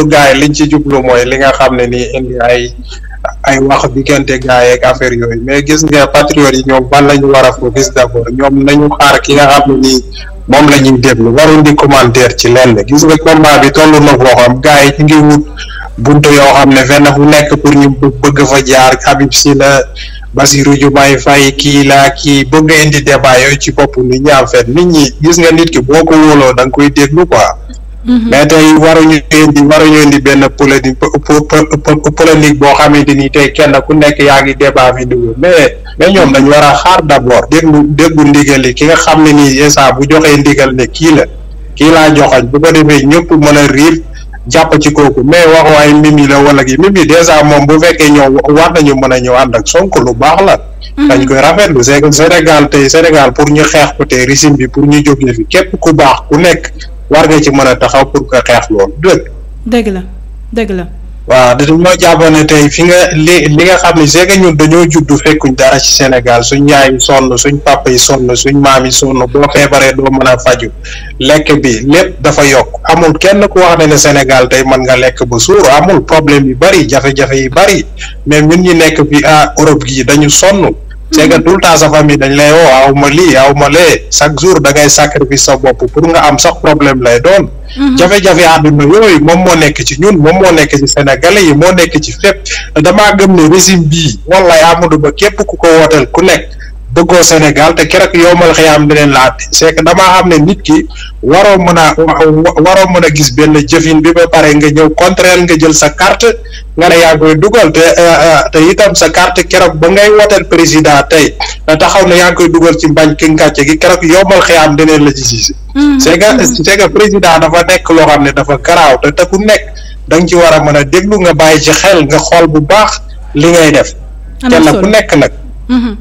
lu gars liñ ci jublu mooy li nga xam ne nii indi ay ay wax diggante gars yeeg affaire yooyu mais gis nga patriotes yi ñoom ban la ñu war a focus d' ñoom nañu xaar ki nga xam ne nii moom la ñuy déglu warul di commentaire ci lenn gis nga combat bi toll na foo xam gars yi ñu ngi wut buntu yoo xam ne fenn fu nekk pour ñu bëgg fa jaar Habib Sy la Basirou Diomaye Faye kii laa kii bëgg indi débat yooyu ci bopp nit ñi en fait nit ñi gis nga nit ki boo ko wóoloo da koy déglu quoi. Mm-hmm. mais tey waruñu indi waruñu indi benn politique politique boo xamante ni tey kenn ku nekk yaa ngi débat fi dugg mais mais ñoom dañ war a xaar d' abord déglu déglu ndigal li ki nga xam ne nii esa bu joxee ndigal ne kii la kii laa joxoñ bu ko defee ñëpp mën a riir jàpp ci kooku mais wax waaye ay mimi la wala gi mimi dèjà moom bu fekkee ñëw war nañu mën a ñëw ànd ak Sonko lu baax la mm-hmm. dañ koy rafetlu c'est que Sénégal tey Sénégal pour ñu xeex ko tey régime bi pour ñu jógee fi képp ku baax ku nekk war nga ci mën a taxaw pour que xeex loolu dëgg. dëgg la dëgg la. waaw dañoo jàppoon ne tey fi nga li li nga xam ne c'est que ñun dañoo juddu fekkuñ dara ci Sénégal suñ yaay yi sonn suñ pàpp yi sonn suñ maam yi sonn boo feebaree doo mën a faju lekk bi lépp dafa yokk amul kenn ku wax ne ne Sénégal tey mën nga lekk ba suur amul problème yu bari jafe-jafe yu bari mais ñun ñi nekk bi ah Europe gii dañu sonn. c'est que tout le temps sa famille dañ lay woo a ma lii aw ma lee chaque jour da ngay sacrifice sa bopp pour nga am sax problème lay doon. Mhm. jafe-jafe àdduna yooyu moom moo nekk ci ñun moom moo nekk ci sénégalais yi moo nekk ci fépp damaa gëm ne régime bii wallaay Amadou Ba képp ku ko wooteel ku nekk. dëggoo Sénégal te keroog yombal xëyaam di leen laajte c'est que damaa am ne nit ki waroo mën a waroo mën a gis benn jëfin bi ba pare nga ñëw contraire nga jël sa carte nga ne yaa ngi koy dugal euh, euh, te itam sa carte keroog ba ngay woteel président tey da taxaw ne yaa ngi koy dugal ci mbañ ki ngàcce gi keroog yombal xëyaam di leen la ci gis. Mm-hmm. c'est que c'est que président dafa nekk loo xam ne dafa garaaw te te ku nekk da nga ci war a mën a déglu nga bàyyi ci xel nga xool bu baax li ngay def. am na nekk nag. Mm-hmm.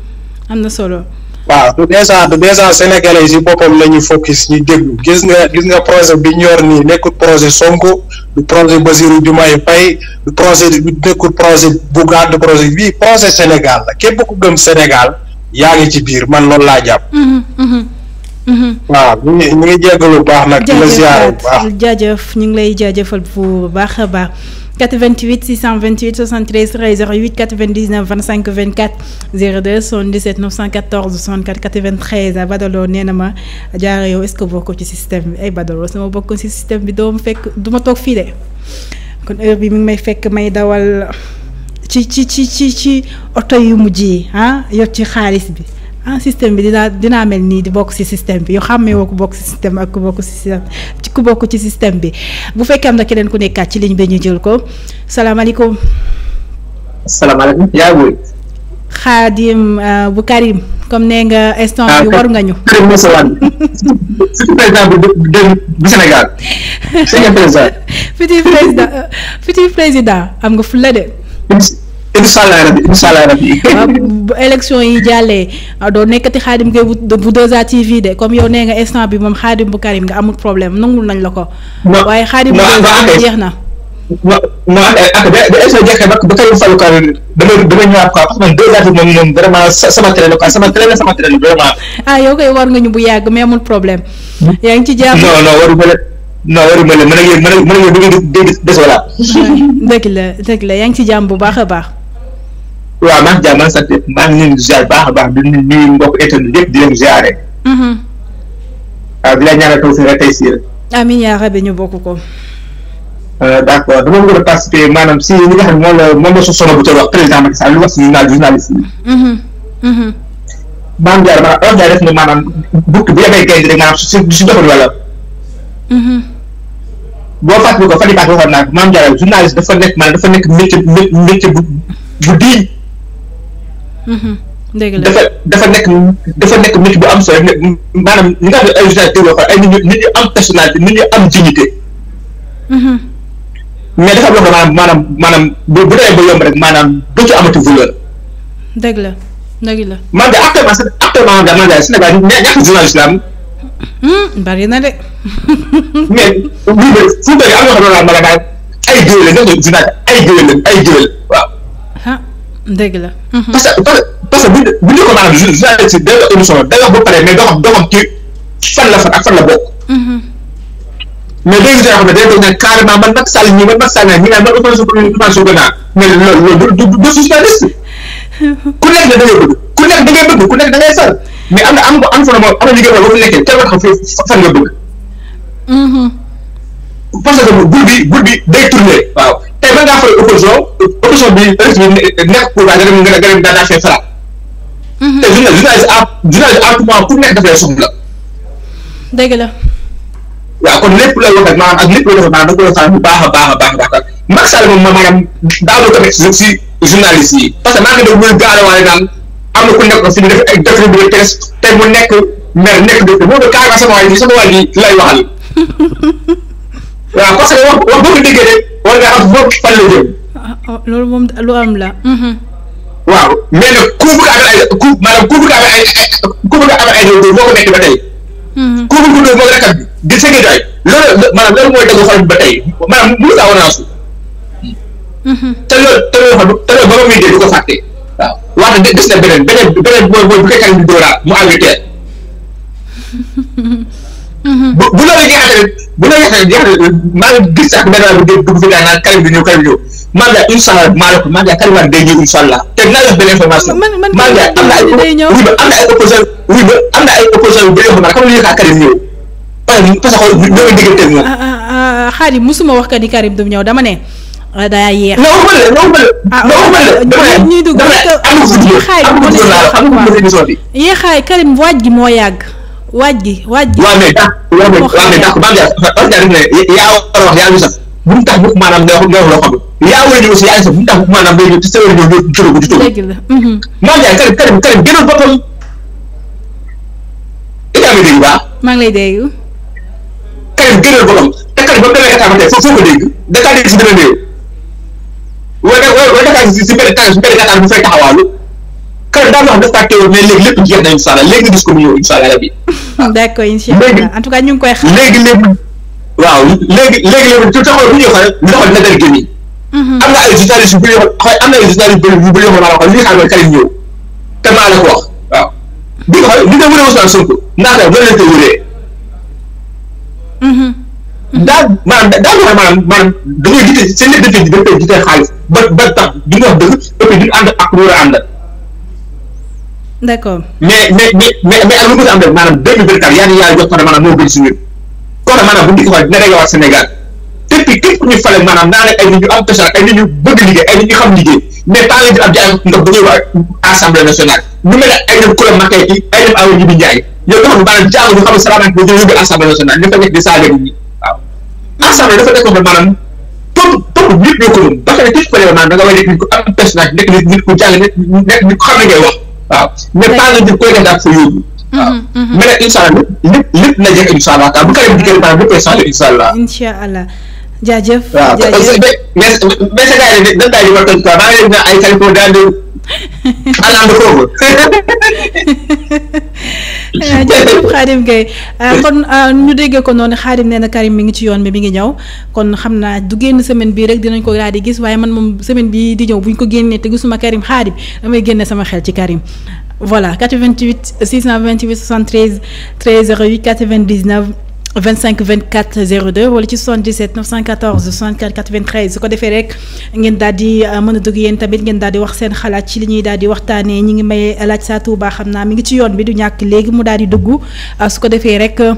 am na solo. waaw du déjà du déjà sénégalais yi si boppam la ñuy focus ñu gis nga gis nga projet bi ñor nii nekkul projet Sonko du projet Basirou Diomaye Faye du projet nekkul projet Bougane du projet bii projet Sénégal la képp ku gëm Sénégal yaa ngi ci biir man loolu laa jàpp. Mhm, mhm, mhm. waaw ñu ngi ñu ngi baax nag. di la ziare bu baax jaajëf ñu ngi lay jaajëfal bu baax a baax. 88 628 73 08 99 25 24 02 77 914 64 93 Badaloo nee na ma jaare yow est-ce que bokkoo ci système bi ay Badaloo sama bokkoon ci système bi doo fekk du ma toog fii de kon heure bi mu ngi may fekk may dawal ci ci ci ci ci oto yu mujj yi ah yor ci xaalis bi. ah système bi dinaa dinaa mel nii di bokk ci système bi yoo xàmmee ku bokk ci système ak ku bokk ci ci système bi bu fekkee am na keneen ku nekkaat ci ligne bi ñu jël ko salaamaaleykum. salaamaaleykum yaa ngi Xaadim euh, bu Karim comme nee nga instant bi ah, war nga ñu. Karim Moussa président bu euh, président am nga fulla de. incha allah bi incha allah rabi. bu élection yi jàllee doo nekkati xaadim ngay bu 2STV de comme yow nee nga instant bi moom xaadim bu Karim nga amul problème nangul nañ la ko. waaye xaadim bu jeex na. ma ma ak ba ba émission jeexee ba ba Karim Fallou Karim damay damay vraiment sama sama télé la sama télé la vraiment. ah yow koy ñu bu yàgg mais amul problème. yaa ngi ci jàpp non non waru ma la non warul mën a yéeg mën a mën a yéeg dégg des wala. dëgg la dëgg la yaa ngi ci jàmm bu baax a baax. waaw maa ngi jàmm sant yëpp maa ngi leen baax a baax di nuyu mbokk état yëpp di leen ziare. waaw mm-hmm. ah, di la a taw si rek tey si yéen. amiin yaa rabi ñu bokk ko. Ah, d' accord dama bëgg a participer maanaam si li nga xam ne moom la moom la su sono bu ca wax président Macky Sall lu wax si journal journaliste yi. Mm-hmm. Mm-hmm. maam Diarra maanaam Olof Diarra def na maanaam bukki bu yemee gaynde rek maanaam su su doxul wala. boo fàttali ko fan yii baax waxoon naa ko maam a journaliste dafa nekk maanaam dafa nekk métier métier bu bu diin. Mm-hmm. dëgg la dafa dafa nekk dafa nekk nit bu am solo maanaam ñi nga xam ne ay journalistes yoo xam ay nit ñu nit ñu am personnalité nit ñu am dignité. Mm-hmm. mais dafa am loo xam ne maanaam maanaam bu bu demee ba yomb rek maanaam du ci amati valeur. dëgg la dëgg la. man de actuellement sax actuellement man de man de Sénégal ñaata journaliste la am. Hmm, bari na de. mais lii de fu mu am na xam ne maanaam ay géwél la ñoo ay géwél ay géwél waaw. dëgg la. Mhm. parce que parce que bu bu ñu ko maanaam journaliste da nga émission da nga ba pare mais doxam doxam ci fan la fan ak fan la bokk. Mhm. mais léegi nga xam ne day doon ne carrément man Macky Sall ñii man Macky Sall ñii ñu naan man Ousmane Sonko naa mais loolu du du journaliste ku nekk da ngay bëgg ku nekk da ngay bëgg ku nekk da ngay sal mais am na am am fa moom am na liggéey boo fi nekkee teel xam fan nga bëgg. Mhm. parce que bul bi bul bi day tourner waaw. mais mën ngaa fay opposition opposition bi nekk pour nga dem nga dem daa daa fee faral. te journaliste à journaliste à tout ku nekk daf lay la. waaw kon lépp looy da koy waxtaan bu baax a baax a baax a baax Macky Sall moom maanaam daal ko nekk si si journaliste yi parce que maa ngi dégg muy gaalewaale naan am na ku nekk fi ñu def ay décret bi te mu nekk mer nekk décret boobu carrément sama waa sama waa lay waxal waaw parce que wax wax boo war ah, oh, loolu mhm. a amal a a amal ay ko nekk ba tey. Mhm. ko dóor moo ko rakat bi di mooy dëgg xool ba tey maanaam mënu saa war naa suuf. Mhm. te loolu te loolu xam te loolu ba ma muy dee du ko fàtte waaw wax na des na beneen beneen beneen mooy mooy bu fekkee mu dóoraat mu àgg teel. Mm-hmm. bu bu loolu jeexalee bu loolu jeexalee maa gis sax benn waay bu dee dugg fi daan naan Karim bi ñëw Karim bi ñëw maa ngi incha allah maa ko maa ngi day ñëw incha allah am na ay oui ba am na ay opposition oui ba am na ay opposition yu bëri yoo ne xam nga ñu Karim ñëw parce que xool ñoo ngi digganteeg ñoom. xaaral mosuma Karim du ñëw dama ne. waaj gi waaj gi. waaw mais tax waaw mais waaw mais tax Pape Diagne Pape Diagne yaa war a wax yaa ngi sax bu mu tax bu maanaam nga wax nga wax loo xam yaa war a ñëw aussi yaa ngi sax bu mu tax bu maanaam day ñëw te sa war a ñëw ñëw jëloon ko di toog. dëgg la. Pape Diagne Karim Karim Karim gënoon boppam. yaa ngi dégg baax. maa ngi lay dégg. Karim gënoon boppam te Karim ba mu demee Qatar ba tey foofu foo ko dégg da kaa dégg si dana néew. wala wala da kaa si si benn Qatar si benn Qatar bu fay taxawaalu. kër daan wax respecté wul mais léegi lépp jeex na incha allah léegi nga gis ko mu ñëw incha allah rabi. d'accord incha allah en tout cas ñu ngi koy xaar léegi lépp. waaw léegi léegi lépp tu taxaw bu ñu waxee loxo dina dal génn. Mhm. am na ay journalistes yu bëri yoo xam am na ay journalistes yu bëri yu bëri yoo xam ne li nga xam ne Karim ñëw te maa la ko wax waaw bi nga xam li nga wëree Ousmane Sonko ndax nag loolu lañ koy wëree. Mhm. daal maanaam daal di wax maanaam maanaam da ngay gis seen lépp dañ koy gis dañ koy gis xaalis ba ba tax du ñu wax dëgg et puis duñ ànd ak lu war a àndal d' accord mais mais mais mais ak lu bëgg am rek maanaam deux mille vingt quatre yaa ngi yàlla jox ko ne maanaam moo gën suñu kon maanaam bu ñu ko waxee dina yowaat Sénégal te puis képp ku ñu fale maanaam naa ay nit ñu am pêche ay nit ñu bëgg liggéey ay nit ñu xam liggéey mais pas leen di am di am ndox bu ñuy wax assemblée nationale ñu mel ay dem Koulé Makkay ki ay dem Awa Ndibi Ndiaye yow nga xam ne maanaam jàng ñu xam ne salaamaaleykum ba ñu yóbbu assemblée nationale ñu fa nekk di saaga nit ñi waaw assemblée dafa nekkoon ne maanaam peuple peuple ñëpp ñoo ko moom ba xam ne képp ku ne maanaam da nga war a nekk nit ku am personnage nekk nit ku jàng nekk nit ku xam ne ngay wax waaw mais pas le def koy def daal fa yóbbu. waaw mm-hmm, mm-hmm. mais nag incha allah lépp lépp na jeex incha allah bu kaay dikkee maanaam léppay changé incha allah. incha allah jaajëf. jaajëf mais mais sa gars yi dañ daal di war a tënk quoi maa ngi leen di ay Californie daal di àllande foofu. Eh, jërëjëf Khadim Gueye eh, kon eh, ñu déggee ko noonu Khadim nee na Karim mi ngi ci yoon bi mi ngi ñëw kon xam naa du génn semaine bii rek dinañ ko daal di gis waaye man moom semaine bi di ñëw bu ñu ko génnee te gisuma Karim Khadim damay génne sama xel ci Karim voilà 88 628 73 13 08 99. 25 24 02 wala ci 77 914 64 93 su ko defee rek ngeen daal di euh, mën a dugg yéen tamit ngeen daal di wax seen xalaat ci li ñuy daal di waxtaanee ñi ngi may laaj saa Touba xam naa mi ngi ci yoon bi du ñàkk léegi mu daal di dugg euh, su ko defee rek euh,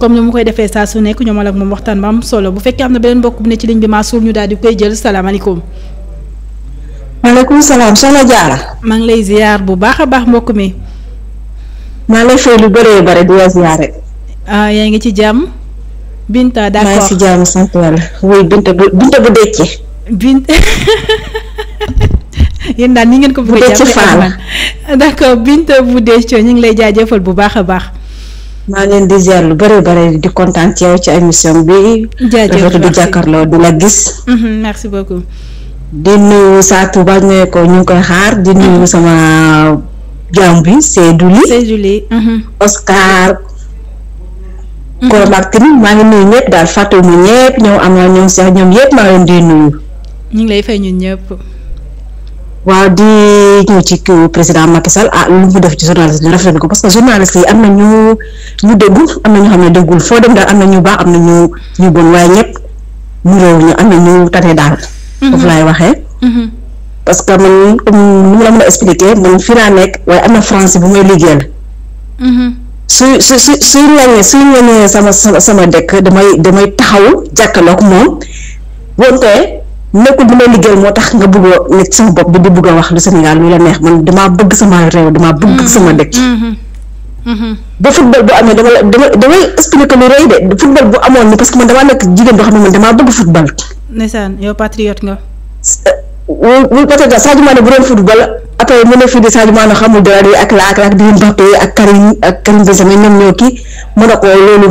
comme ni mu koy defee saa su nekk ñoomal ak moom waxtaan ba am solo bu fekkee am na beneen mbokk bu ne ci ligne bi Mansour ñu daal di koy jël maa ngi lay ziar bu baax a baax mbokk mi. maa ngi lay fay lu bëree bëri di la ziar rek. Ah, yaa ngi ci jàmm. Binta d'accord maa ngi ci jàmm sant yàlla oui Binta bu Binta bu dëcce. Binta ngeen ko bëgg a jàppee faal bu dëcce ñu ngi lay jaajëfal bu baax a baax. maa leen di ziar lu bari bëri di kontaan ci yow ci émission bi. jaajëfal di jàkkaarloo di la gis. Mm-hmm, merci beaucoup. di nuyu saa Touba ñu ñu ngi koy xaar di nuyu mm-hmm. sama jaam bi Seydou Ly. Seydou Ly. Mm-hmm. Oscar. Mm-hmm. Koromaktine maa ngi nuyu ñëpp daal fàttewuma ñëpp ñoom am na ñoom sax ñoom yëpp maa ngi leen di ñu ngi lay fay ñun ñëpp. waaw di ñëw ci kii président Macky Sall ah lu mu def ci journaliste ñu rafetlu ko parce que journaliste yi am na ñu ñu déggu am na ñu xam ne déggul foo dem daal am na ñu baax am na ñu ñu bon waaye ñëpp ñu ñu am na ñu tane daal. Mm-hmm. foofu laay waxee. Mm-hmm. parce que man comme nu mu la mën a expliquer man fii laa nekk waaye am na français bu may liggéeyal. su su su suy ŋaññee suy ŋaññee sama sama sama dëkk damay damay taxaw jàkkaarloog moom wante nekkul bi may liggéeyal moo tax nga bëgg a nekk sama bopp bi di bëgg a wax lu Sénégal lu la neex man damaa bëgg sama réew damaa bëgg mm-hmm. sama dëkk. Mm-hmm. Mm-hmm. ba football bu amee dama la dama damay expliqué lu rëy de football bu amoon ni parce que man damaa nekk jigéen boo xam ne man damaa bëgg football. ndeysaan yow patriote nga. wala wala peut-être Sadio Mané bu doon football. après mu ne fii de Sadio xamul de ak la ak la ak di Mbappé ak Karim ak Karim Benzema ñoom ñoo kii mu ko loolu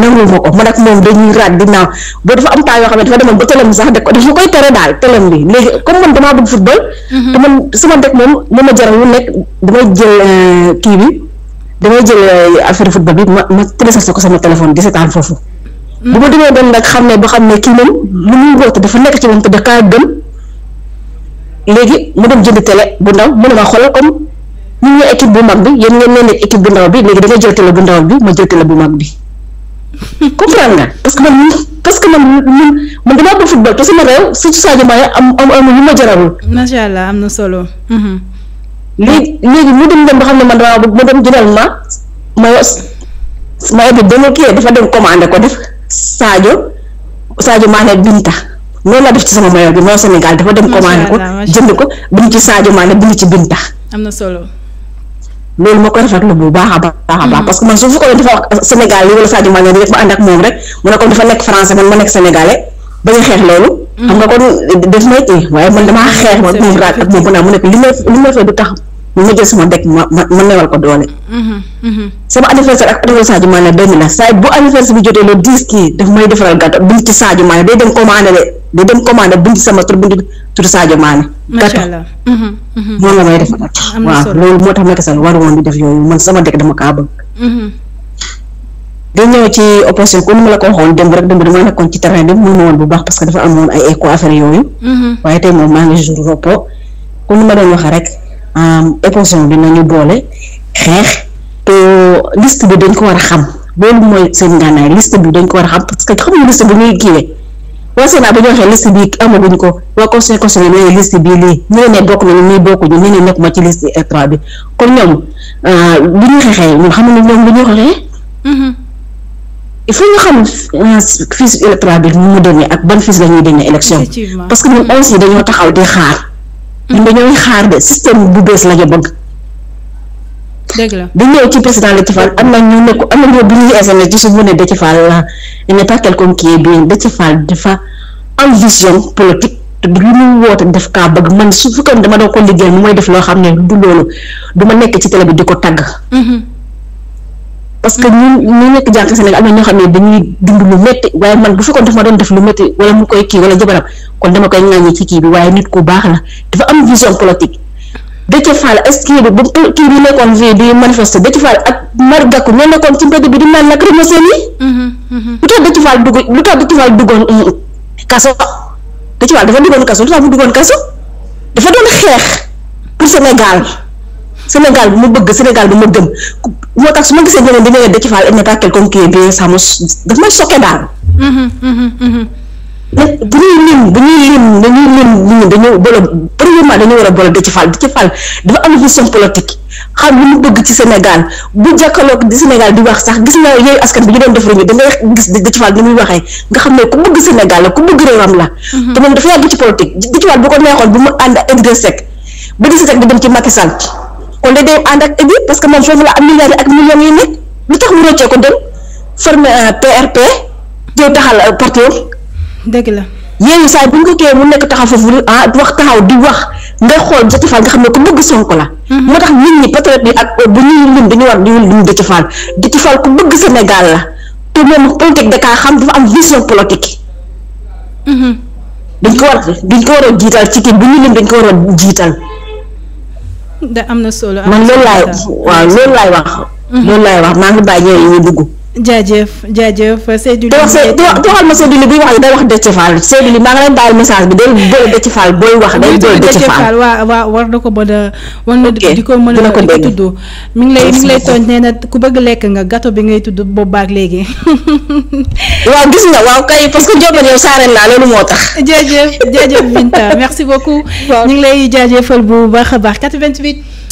nangu ma ko man ak moom dañuy raad dinaaw am temps yoo xam ne dafa demoon ba tëlëm ko dafa koy tere daal tëlëm bi léegi comme man damaa bëgg football. Mhm. te man sama dëkk moom li ma jaral lu nekk damay jël euh, kii bi damay jël euh, affaire football bi ma ma téléchargé ko sama téléphone di seetaan foofu. Mhm. bu ma demee doon xam ne boo xam ne kii moom lu muy woote dafa nekk ci moom te da kaa léegi mu dem jënd télé bu ndaw mu ne ma xoolal comme ñun ñoo équipe bu mag bi yéen ngeen ne nekk équipe bu ndaw bi léegi da nga jël télé bu ndaw bi ma jël télé bu mag bi comprendre nga parce que man parce que man man man damaa bëgg football ma jaralul. macha allah am na solo. Mhm. léegi léegi mu dem dem ba xam ne man damaa bëgg mu dem jëndal ma ma ma yóbbu benn kii dafa dem commandé ko def Sadio Sadio Mané Binta. loolu laa def ci sama maillot bi moo Sénégal dafa dem commandé ko jënd ko bind ci Sadio Mané bind ci Binta. am na solo. loolu moo koy rafetlu bu baax a baax a baax mm-hmm. parce que man su fekkoon dafa wax Sénégal yi wala Sadio Mané rek ba ànd ak moom rek mu ne comme dafa nekk français man ma nekk sénégalais ba ñu xeex loolu. Mm-hmm. xam nga kon def may téye waaye man damaa xeex man moom raad ak moom bu mu nekk li may li du tax. ma jël sama dëkk ma ma ma newal ko doole. sama anniversaire ak anniversaire Sadio Mané benn la saa bu anniversaire bi jotee le dix kii daf may defaral gâteau bind ci Sadio Mané de day dem commandé bind ci sama tur bind tur Sadio Mané. macha allah mhm, mhm. moom la may defaral. waaw loolu moo tax ma kese war woon di def yooyu man sama dëkk dama kaa bëgg. Mhm. que dafa amoon ay écho yooyu. waaye tey moom maa ngi jour repos comme ni waxee rek. opposition euh, bi nañu boole xeex te liste bi dañ ko war a xam loolu mooy seen gànnaay liste bi dañ ko war a xam parce que xam nga liste bi ñuy kiiwee waa Sénat bu ñu waxee ko waa conseil conseil bi liste bii lii ñu ne bokk nañu nii bokkuñu ñu ne nekkuma ci liste électorale bi kon ñoom euh, bu ñu xeexee ñun xam ne ñoom bu ñu xeexee. Mm-hmm. il faut ñu xam euh, fiche électorale bi mu demee ak ban fiche la ñuy demee élection parce que ñun mm-hmm. aussi dañoo taxaw di xaar. ñun dañooy xaar de système bu bees la ñu bëgg. dëgg la bu ñëw ci président Déthié Fall am na ñu ne ko am na ñoo bu ñuy SMS ci suñu ne Déthié Fall la il n'est pas quelqu'un qui est bien Déthié Fall dafa am vision politique te du lu mu woote def kaa bëgg man su fekkoon dama doon ko liggéeyal mu may def loo xam ne du loolu duma nekk ci télé bi di ko tàgg. Mm-hmm. parce que ñun ñu nekk jànk Sénégal am na ñoo xam ne dañuy dund lu métti waaye man bu fekkoon daf ma doon def lu métti wala mu koy kii wala jabaram kon dama waaye nit ku baax la dafa am vision politique Déthié Fall est-ce bu kii bi nekkoon fii di manifester Déthié Fall ak Malick Gakou ñoo nekkoon ci mbedd bi di naan lacrymogène yi mm-hmm, mm-hmm. lu tax Déthié Fall dugg lu tax Déthié Fall duggoon euh, kaso Déthié Fall dafa duggoon kaso lu tax duggoon kaso dafa doon xeex pour Sénégal Sénégal bu ma bëgg Sénégal bu ma gëm moo tax su ma gisee ñeneen dañu ne Déthié Fall il n'est pas quelqu'un qui est bien ça ma daf may mm-hmm, mm-hmm, mm-hmm. sokke bu ñuy lim bu ñuy lim dañuy lim nit ñi dañoo boole premièrement dañoo war a boole Déthié Fall Déthié mu bëgg ci Sénégal bu jàkkaarloog di Sénégal di wax sax gis naa yooyu askan bi ñu doon def rek da ngay gis Déthié Fall ni muy waxee nga xam ne ku bëgg Sénégal la ku bëgg réewam la. te moom dafa yàgg ci politique Déthié Fall bu ko neexoon bu mu ànd ak Idrissa Seck ba Idrissa Seck di dem ci Macky Sall. kon est day ànd ak ébi parce que moom foofu la am milliards ak yi nekk lu tax mu rëccee ko dem formé un euh, PRP jëw taxal euh, partenaire. dëgg la yéen saa bu ñu ko mu nekk taxaw foofu ah wax taxaw di wax ngay xool Déthié Fall nga xam ne ku bëgg Sonko la. Mhm. moo tax nit ñi patriote yi ak euh, bu ñuy lim dañuy war di lim Déthié Fall Déthié Fall ku bëgg Sénégal la te moom politique da xam dafa am vision politique. Mhm. duñ ko war duñ ko war a jiital ci kii bu ñu lim dañ ko war a jiital. da am na solo. man loolu laay waaw loolu laay wax. Mhm. loolu laay wax maa ngi bàyyi ñoom ñu dugg. jaajëf jaajëf Seydou Ly. di wax waxal ma Seydou Ly buy wax day wax Déthié Fall Seydou Ly maa ngi leen bàyyi message bi day boole booy wax day boole Déthié Fall waaw war na ko mën a. war na di ko mën a di ko tudd. mi ngi lay mi ngi tooñ nee ku bëgg lekk nga gato bi ngay tudd boobu baag léegi. waaw gis nga waaw kay parce que Diop yow saareen naa loolu moo tax. jaajëf jaajëf Binta merci beaucoup. ñu ngi lay jaajëfal bu baax a baax 88.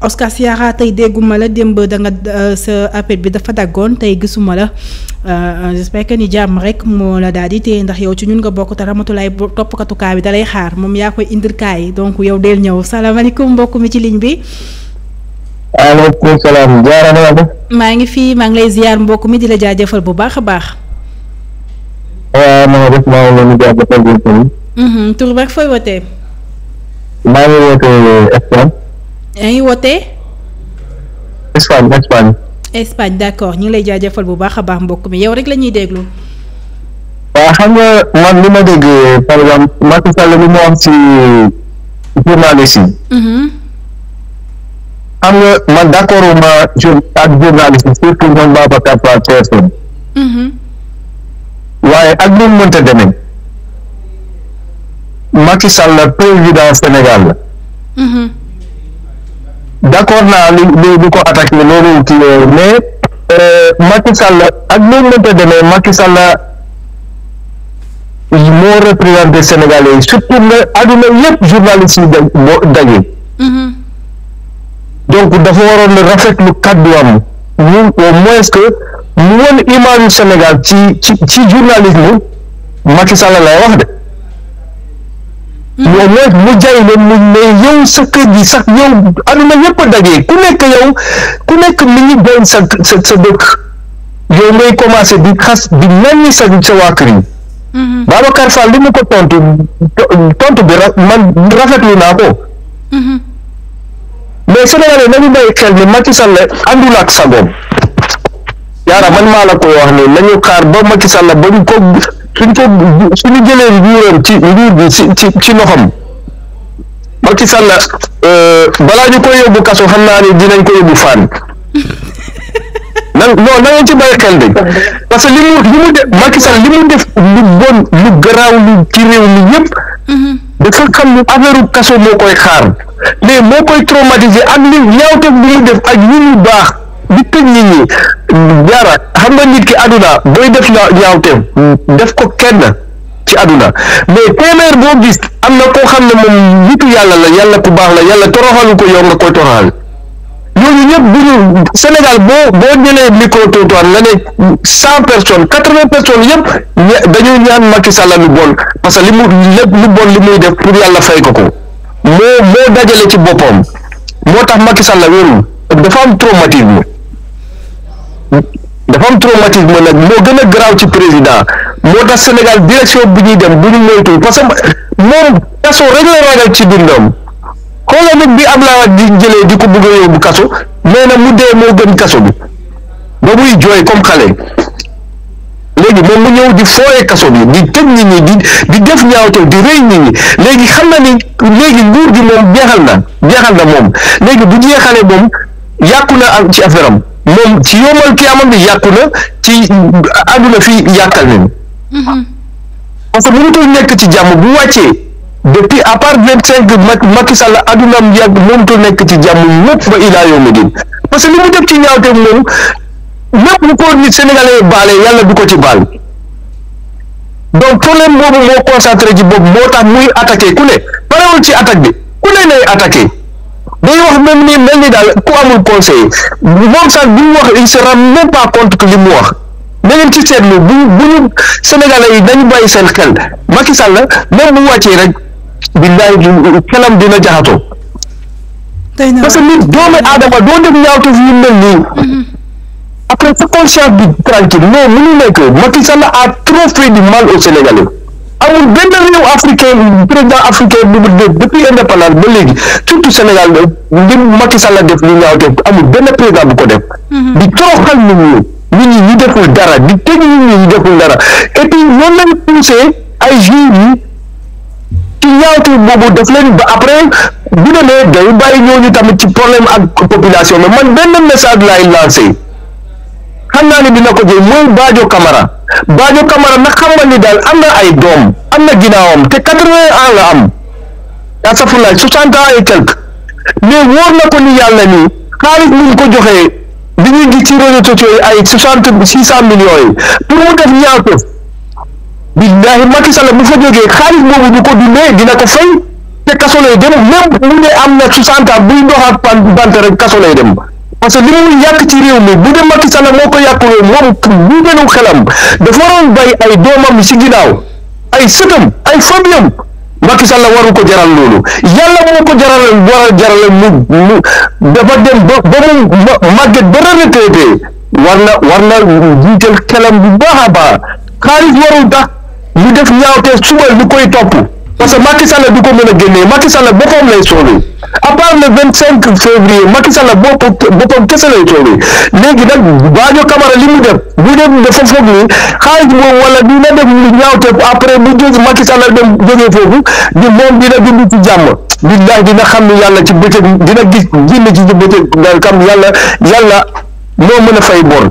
Oscar Siara tey dégguma la démb da euh, sa appel bi dafa daggoon tey gisuma la euh, euh, j'espère que ni jàmm rek moo la daal di téye ndax yow ci ñun nga bokk te Ramatulaay toppkatu bi dalay xaar moom yaa koy indil kaa yi donc yow del ñëw salaamaaleykum mbokk mi ci liñ bi. maa ngi fii maa ngi lay ziar mbokk mi di la jaajëfal bu baax a baax. waaw maa ngi def maa ngi leen di jaajëfal bu baax. Mhm, tur beeg fooy maa ngi wootee Espagne. yaa ngi wootee. Espagne Espagne. Espagne d'accord ñu ngi lay jaajëfal bu baax a baax mbokk mi yow rek lañuy déglu. waaw xam nga man li ma dégg par exemple Macky Sall li mu wax ci journaliste yi. Mhm. xam nga man d'accord wu ma ak journaliste surtout ñoom Babacar Fall TFM. Mhm. waaye ak li mu mënta demee. Macky Sall président Sénégal la. Mhm. d'accord naa li li li ko attaqué loolu kii yooyu euh, mais euh, Macky Sall ak loolu mënta demee Macky Sall moo représenté Sénégalais yi surtout nga àdduna yëpp journalistes yi da mm-hmm. dafa waroon rafet rafetlu kàddu am ñun au moins que mu woon image Sénégal ci ci ci journalisme Macky Sall wax de. Mm-hmm. mu jaay leen mu yow sa kër gi sax yow aduna yëpp a ku nekk yow ku nekk mi ngi doon sa sa sa dëkk yow ngay commencé di xas di mel sa sa waa kër yi. Mm-hmm. Babacar Fall li mu ko tontu tontu bi man rafetlu naa ko. Mm-hmm. mais sa nañu bàyyi xel ni Sall àndul ak sagoom yaara man maa la ko wax ne nañu xaar ba Macky Sall ba ko suñ ko suñu jëlee nguuram ci nguur bi ci ci ci Macky Sall euh, balaa ñu koy yóbbu kaso xam naa ni dinañ ko yóbbu faan nan non na ci bàyyi xel de parce que li mu li mu def Macky Sall li mu def lu bon lu garaaw lu ci réew mi yëpp dafa xam ne affaire kaso moo koy xaar mais moo koy traumatisé ak li ñaawteef bi mu def ak nit ñu baax di tëj nit ñi jaara xam nga nit ki àdduna booy def ñaawteef def ko kenn. ci àdduna mais téeméer boo gis am na koo xam ne moom nitu yàlla la yàlla ku baax la yàlla toroxalu ko yow nga koy toroxal ñooñu ñëpp bu ñu Sénégal boo boo jëlee micro trottoir nga ne cent personnes quatre vingt personnes yëpp dañuy ñaan Macky Sall lu bon parce que li mu lépp lu bon li muy def pour yàlla fay ko ko moo moo dajale ci boppam moo tax Macky Sall wérul dafa am traumatisme dafa am traumatisme nag moo gën a garaaw ci président moo tax Sénégal direction bu ñuy dem du ñu moytu parce que moom kaso rek la ci dundam xoolal nit bi Ablaye Wade di jëlee di ko bëgg a yóbbu kaso mais na mu dee moo gën kaso bi ba muy jooy comme xale léegi moom mu ñëw di fooye kaso bi di tëj nit ñi di di def ñaawte di rëy nit ñi léegi xam na ni léegi nguur gi moom jeexal na jeexal na moom léegi bu jeexalee moom yàqu na ci affaire moom ci yoomal kiyaamam bi yàqu na ci àdduna fii yàqal nañu mhm. parce que mënutul nekk ci jàmm bu wàccee depuis à part vingt cinq Macky Sall àddunaam yàgg mënutul nekk ci jàmm mu ba ilaa yawmi diin parce que li mu def ci ñaawte moom lépp bu ko nit sénégalais baale yàlla du ko ci baal donc problème boobu moo concentré ci boobu moo tax muy attaqué ku ne parewul ci attaque bi ku ne nay attaqué day wax même ni mel ni daal ku amul conseil moom sax bi wax il se rend même pas compte que li mu wax da ngeen ci seetlu bu bu ñu Sénégalais yi dañ bàyyi seen xel Macky Sall même bu wàccee rek billaay xelam dina jaxatoo. parce que nit doomu aadama doo def ñaawteef yu mel nii. Mm-hmm. après sa conscience bi tranquille mais mënu nekk Macky Sall a trop fait du mal au Sénégalais. amul benn réew africain président africain bu mu def depuis indépendance ba léegi surtout Sénégal li Macky la def lu ñaaw te amul benn président bu ko def mm-hmm. di toroxal nit ñi nit ñi ñu deful dara di tëj nit ñi ñu deful dara et puis noonu lañ poussé ay jur yi ci ñaawte boobu def leen ba après bu demee day bàyyi ñooñu tamit ci problème ak population mais man benn message laay lancé xam naa ne dina ko jël mooy Badio kamara Badio Camara na xam nga ni daal am na ay doom am na ginnaawam te quatre-vingts ans la am a safulaay soixante ans et quelque mais wóor na ko ni yàlla nii xaalis mu ko joxe bi ñuy gis ci réseaux sociaux yi ay soixante six cent millions yi pour mu def ñaata billaahi Macky Sall bu fa jógee xaalis boobu ñu ko dundee dina ko fay te kaso lay dem même mu ne am na soixante ans buy doxaat pan bant rek kaso lay dem parce que li muy yàq ci réew mi bu dee Macky Sall moo ko yàquloo moom bu gënu xelam dafa waroon bay ay doomam si ginnaaw ay sëtam ay famiyam Macky Sall waru ko jaral loolu yàlla moo ko jaral war a jaral mu dafa dem ba ba mu màgget ba retraité war na war na jiital xelam bu baax a xaalis warul tax ñu def ñaawte suba lu koy topp parce que Macky Sall du ko mën a génnee Macky Sall boppam lay sauvé à part le vingt cinq février Macky Sall bopp boppam kese lay sauvé léegi nag Badio Camara li mu def bu dem dafa foog ni xaalis moom wala dina def lu ñaawte après bu jóg Macky Sall dem jógee foofu di moom dina dund ci jàmm billahi dina xam ne yàlla ci bëccëg dina gis jinn ci ci bëccëg dal kam yàlla yàlla moo mën a fay bor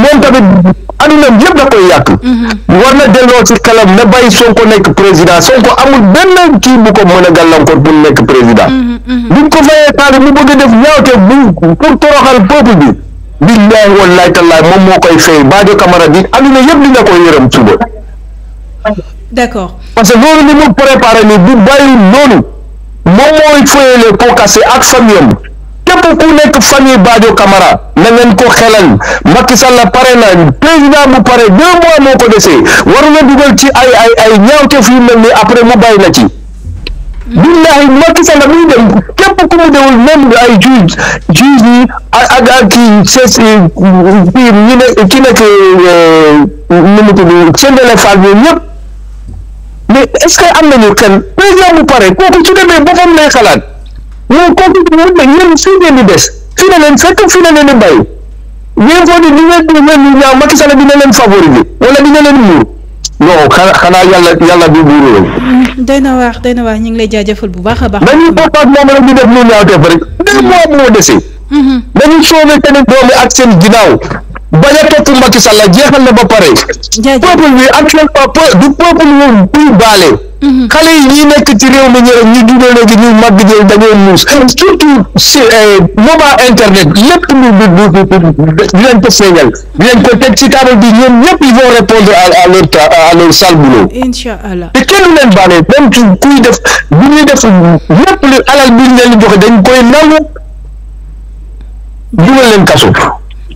moom tamit addunam yëpp da koy yàq mhm. war na delloo ci xelam na bàyyi Sonko nekk président Sonko amul benn kii bu ko mën a gàllankoor pour nekk président mhm, mhm. buñ ko fayee xaalis mu bëgg def ñaawte bu pour toroxal peuple bi billahi wallahi tallahi moom moo koy fay Badio Camara bi adduna yëpp dina ko yërëm suba d'accord parce que loolu li mu préparé ni du bàyyi noonu moom mooy fayale koo kase ak famiyam képp ku nekk famille Badio Camara na ngeen ko xelal Macky Sall pare na président bu pare deux waa moo ko desee war na dugal ci ay ay ay ñaawteef yu mel ni après mu na ci billahi Macky Sall muy dem képp ku mu dewul même ay juge juge yi ak ak kii euh, ki nekk euh, nu mu tudd Sendele Fall bi ñëpp mais est-ce que am nañu xel président bu pare kooku su demee boppam lay xalaat ñoom conflit bi mun na ñoom fii ngeen di des fii ne leen fekk fii na leen di bàyyi ngeen foog ni li ngeen di ngeen di ñaaw Macky Sall dina leen favoriser wala dina leen muur non xanaa xanaa yàlla yàlla du muur loolu. na waar doy na waar ñu ngi lay jaajëfal bu baax a baax. dañuy kontaan moom rek di def lu ñaaw teef rek deux mois moo desee. dañuy sauver seen doom yi ak seen ginnaaw bañ a topp Macky Sall la jeexal na ba pare. peuple bi actuellement peu du peuple moom duñ baale. Mm-hmm. xale yi ñi nekk ci réew mi ñëw ñu dundee léegi ñu màgg jël dañoo muus surtout si euh, moment internet lépp lu du du di leen ko feeñal di leen ko teg ci table bi ñoom ñëpp ils vont répondre à leur à leur sale boulot inchallah kenn du leen baale même kuy def bu ñuy def lépp lu alal bi ñu leen joxe dañ koy nangu dugal leen kaso.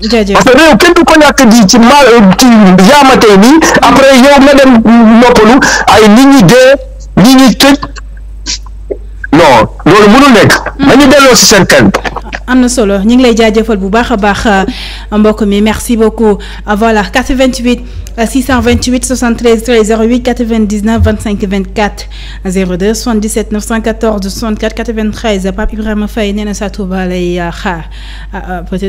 parce que réew kenn du ko ñàkk di ci ma ci jaamatee nii après yow nga dem noppalu ay ni ñi dee nit ñi tëj. non loolu mënul nekk. Mm. nañu delloo si seen xel. am na solo ñu ngi lay jaajëfal bu baax a baax euh, mbokk mi merci beaucoup euh, voilà 88 628 73 08 99 25 24 02 77 914 64 93 Pape Ibrahima Faye nee na saa Touba lay euh, xaar peut-être.